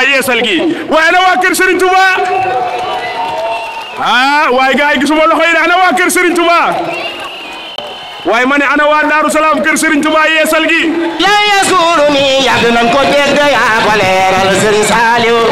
Touba yeesal gi waaye na waa kër Serigne Touba ah, waaye ana waa kër Serigne Touba waaye ma ne ana waa Daaru Salaam kër Serigne Touba yeesal gi la yeesulu mi yàgg nañ ko dégg yaa ko leeral Serigne Saliou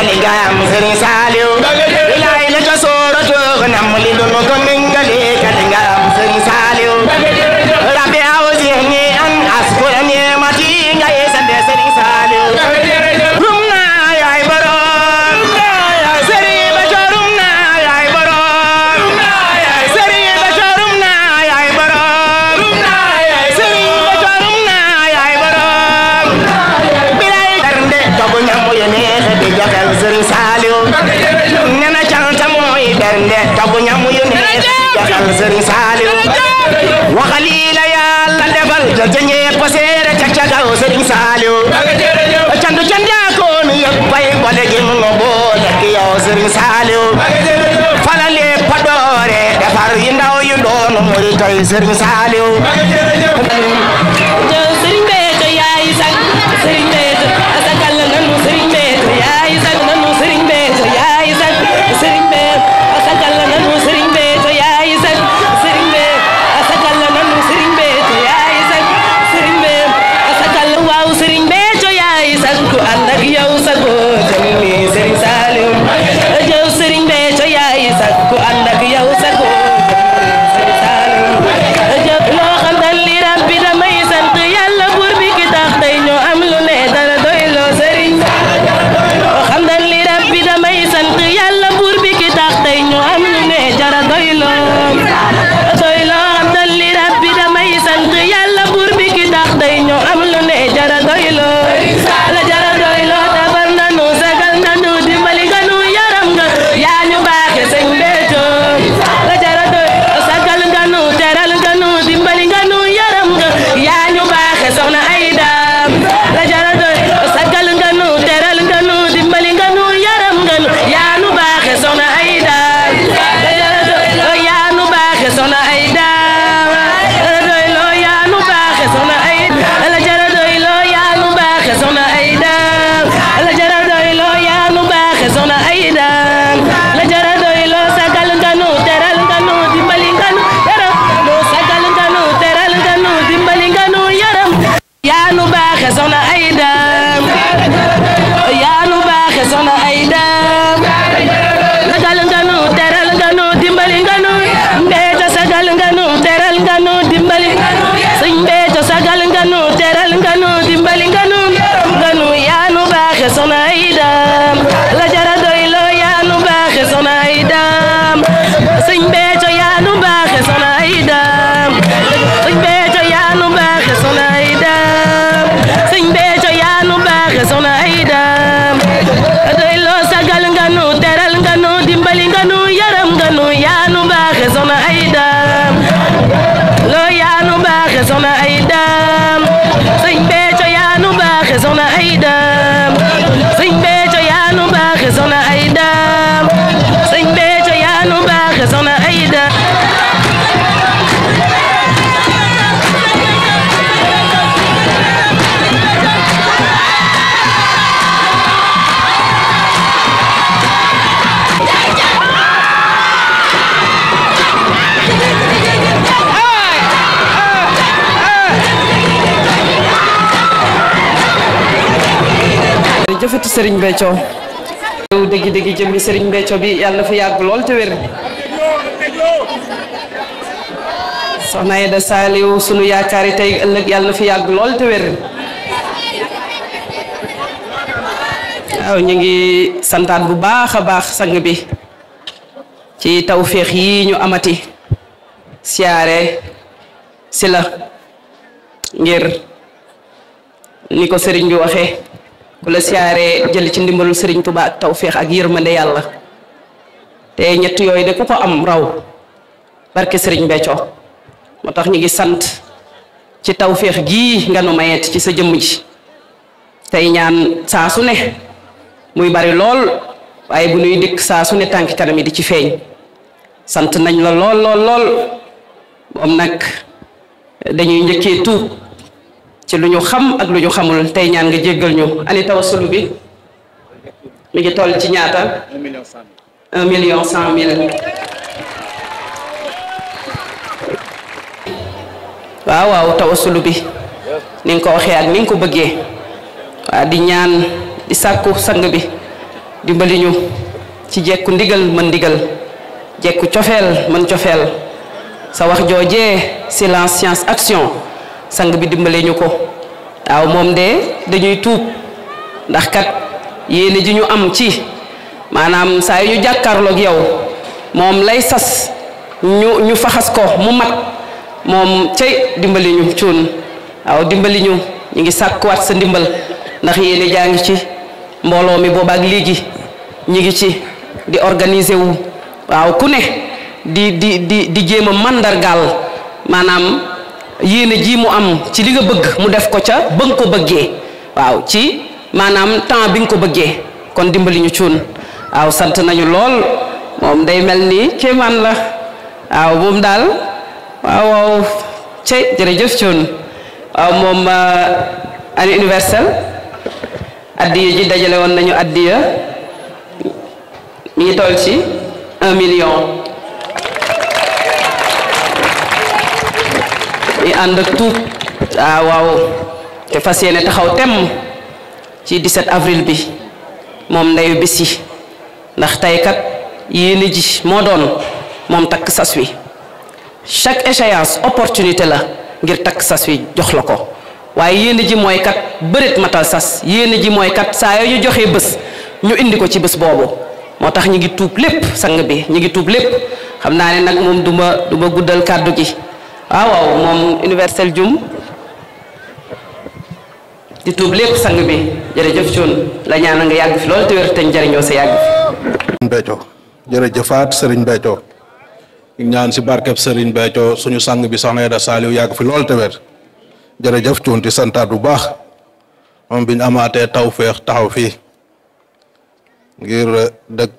Senegal, Muslim you. joxel sëriñ Saaliw ne na canta mooy bernde tabu ñam yu neex joxel sëriñ Saaliw waxal yi la yàlla defal jël ca ñepp seere ca ca gaw sëriñ Saaliw candu candaakoon yëpp bay boole gi mu nga boole ki yow sëriñ Saaliw falale pa doore defar yu ndaw yu doon muri toy sëriñ Saaliw sëriñ Béthio yaay sang sëriñ tidak. belajar. nu baax soxna Aida jëfati Serigne Béthio dëgg-dëgg jëm bi Serigne Béthio bi yàlla fa yàgg lool te wér. soxna Aida Saliou sunu yaakaar yi tey ëllëg yàlla fi yàgg lool te wér. waaw ñu ngi santaat bu baax a baax sang bi ci tawféex yi ñu amati siyaare si la ngir ni ko sëriñ bi waxe kula la jël ci ndimbalul serigne touba ak tawfiq ak yermane yalla te ñett yoy de kuko am raw barké serigne Béthio motax ñi ngi sant ci tawfiq gi nga nu mayet ci sa jëm ji tay ñaan saa su ne muy bari lool waye bu nuy dik saa ne tanki tanami di ci feñ sante nañ la lool lool lool moom nak dañuy ñëkke ci lu ñu xam ak lu ñu xamul tey ñaan nga jéggal ñu ani tawassul bi mi ngi toll ci ñaata 1 million 100 000 waaw waaw tawassul bi ni nga ko waxee ak ni nga ko bëggee waa di ñaan di sàkku sang bi dimbali ñu ci jekku ndigal mën ndigal jekku cofeel mën cofeel sa wax joojee silence science action sang bi dimbalé ñuko taw mom dé dañuy tuup ndax kat yene ji ñu am ci manam say ñu jakarlo ak yow mom lay sas ñu ñu faxas ko mu mat mom cey dimbalé ñu ciun aw dimbali ñu ñi ngi wat sa dimbal ndax yene jang ci mbolo mi bo ak legi ñi ngi ci di organiser wu waaw ku ne di di di di jema mandargal manam yéene ji mu am ci li nga bëgg mu def ko ca ba nga ko bëggee waaw ci maanaam temps bi nga ko bëggee kon dimbali ñu cuun waaw sant nañu lool moom day mel ni kéemaan la waaw moom daal waaw waaw ca jërëjëf cuun waaw moom euh, année universelle addiya ji dajale woon nañu addiya mi ngi toll ci un million Anda ànd ak tuub ah waaw te fas yéene taxaw tem ci 17 avril bi moom ndeyu bis yi ndax tey kat yéene ji moo doon moom takk sas wi chaque échéance opportunité la ngir takk sas wi jox la ko waaye yéene ji mooy kat bërit matal sas yéene ji mooy kat saa yoo ñu joxee bés ñu indi ko ci bés boobu moo tax ñu ngi tuub lépp sang bi ñu ngi tuub lépp xam naa ne nag moom du guddal kàddu gi ah waaw moom universel jum di tuub lépp sang bi jërëjëf Thioune la ñaan nga yàgg fi loolu te wér te njëriñoo sa yàgg fi. Béthio jërëjëfaat Serigne Béthio ñaan si barkeb Serigne Béthio suñu sang bi sax na Aida Saliou yàgg fi loolu te wér jërëjëf Thioune di santaat bu baax moom biñ amaatee taw féex taxaw fii ngir dëkk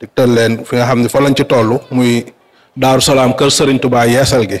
digtal leen fi nga xam ne fa lañ ci toll muy Daaru Salaam kër Serigne Touba yeesal gi.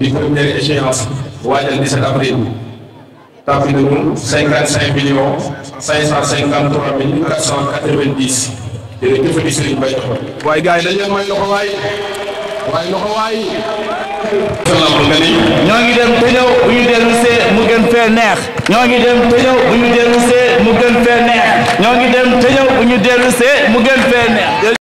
di première échéance waajal 17 avril tàbbi nañu cinquante cinq millions cinq cent cinquante trois mille quatre cent quatre vingt dix jërëjëf di Serigne Mbaye Diop. waaye gars yi dañ leen may loxo waay waaye loxo waay. ñoo ngi dem te ñëw bu ñu dellu see mu gën fee neex. ñoo ngi dem te ñëw bu ñu dellu see mu gën fee neex. ñoo ngi dem te ñëw bu ñu dellu see mu gën fee neex.